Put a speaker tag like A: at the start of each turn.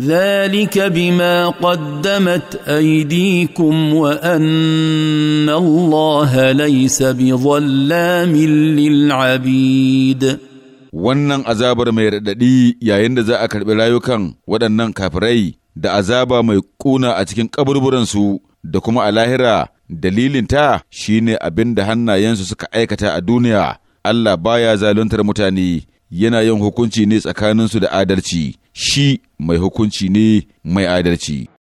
A: ذلك بما قدمت ايديكم وان الله ليس بظلام للعبيد
B: wannan azabar mai raɗaɗi yayin da za a karɓi rayukan waɗannan kafirai da azaba mai ƙuna a cikin ƙaburburansu da kuma a lahira dalilinta shine abin da hannayensu suka aikata a duniya Allah baya zaluntar mutane yana yin hukunci ne tsakaninsu da adalci shi mai
C: hukunci ne mai adalci.